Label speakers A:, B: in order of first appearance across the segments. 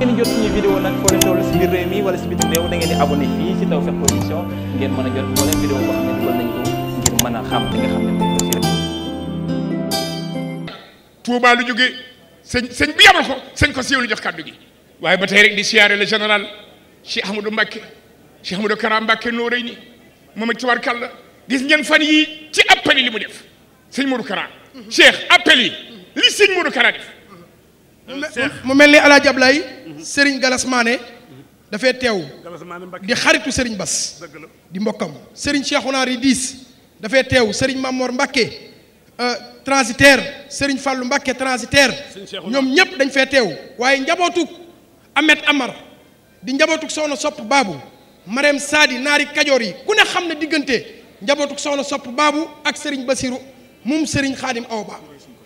A: ngeen jot suñu vidéo nag foo leen ko ngir mën ko sëñ ko lu jox kàddu gi waaye ba tey rek di siyaare le général Cheikh Ahmadou Mbacké Cheikh Ahmadou Kara Mbacké noo rëy ni moom it tabarkàlla gis ngeen fan yi ci appel yi li mu def sëñ Modou Kara. Mhm. Cheikh appel yi li sëñ Modou Kara def. mu mel ni El Hadj Serigne Galas Mané dafay teew di xaritu Serigne Bas di mbokkam Serigne Cheikhouna Ridis dafay teew Serigne Mamor Mbacké euh, transitaire Serigne Fallou Mbacké transitaire ñoom ñépp dañ fee teew waaye njabootuk Ahmed Amar di njabootuk soxna sopp baabu Marème Sadi naari Kajoor yi ku ne xam ne diggante njabootuk soxna sopp baabu ak Serigne Basiru moom Serigne Khadim Awa Ba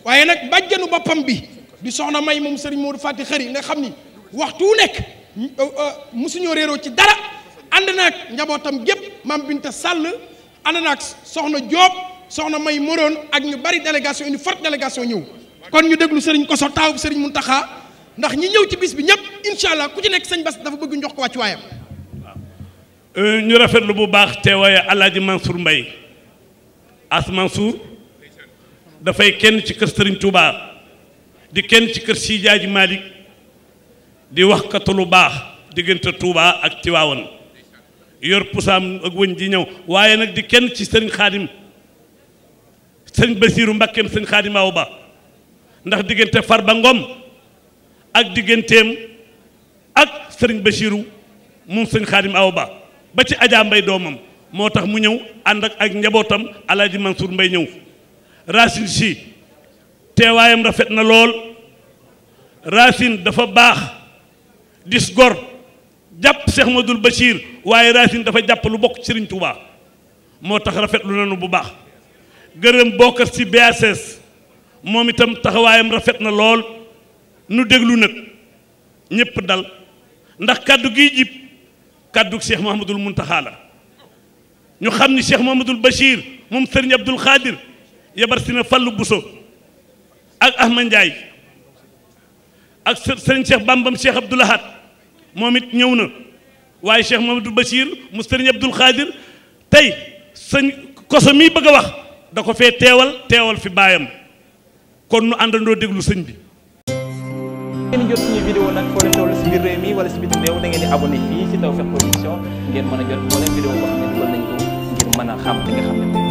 A: waaye nag bàjjanu boppam bi di soxna may moom Serigne Modou Fati xëri nga xam ni waxtu wu nekk euh, euh, mosuñoo réeroo ci dara ànd naag njabootam gépp maam bi Binta Sàll ànd naag soxna Joob soxna May Moroon ak ñu bari délégation une forte délégation ñëw kon ñu déglu sëriñ Koso taaw sëriñ taxa ndax
B: ñi ñëw ci bis bi ñëpp incha allah ku ci nekk sëñ Bas dafa bëgg njox ko wàcc waayam euh, ñu rafetlu bu baax waaye teewaaye alaaji Mansour Mbay as Mansour dafay kenn ci kër sëriñ Touba di kenn ci kër Sidaaji Malick di wax katu lu baax diggante Touba ak Tiwaawan yor pusaam ak wëñ ji ñëw waaye nag di kenn ci sëriñ xaadim sëriñ Basiiru Mbakkeem sëriñ xaadim aw ba ndax diggante far ba Ngom ak digganteem ak sëriñ Basiiru moom sëriñ xaadim aw ba ba ci ajaa Mbay doomam moo tax mu ñëw ànd ak ak njabootam Alaaji Mansour Mbay ñëw Racine si teewaayam rafet na lool Racine dafa baax dis gor jàpp Cheikh Madul Bachir waaye Racine dafa jàppalu lu bokk Serigne Touba moo tax rafetlu nañu bu baax gërëm bokkar ci BACS moom itam taxawaayam rafet na lool nu déglu nag ñépp dal ndax kàddu gi jib kàddu Cheikh Mahamadul Muntaxa la ñu xam ni Cheikh Mahamadul Bachir moom Serigne Abdoul Khadir yabar si na Fallou Bousso ak Ahmad Ndiaye ak sëriñ Cheikh Bambam Cheikh Abdoul Ahad moom it ñëw na waaye Cheikh Mamadou Bachir mu sëriñ Abdoul Khadir tey sëñ koso mii bëgg a wax da ko fee teewal teewal fi baayam kon nu àndandoo déglu sëñ bi. ngeen jot suñu vidéo nag foo leen toll si biir si bitim
A: réew da ngeen di abonné fii si Tawfekh Production ngeen mën a jot moo
B: leen vidéo boo xam ne dugal nañ ko ngir a xam li nga ne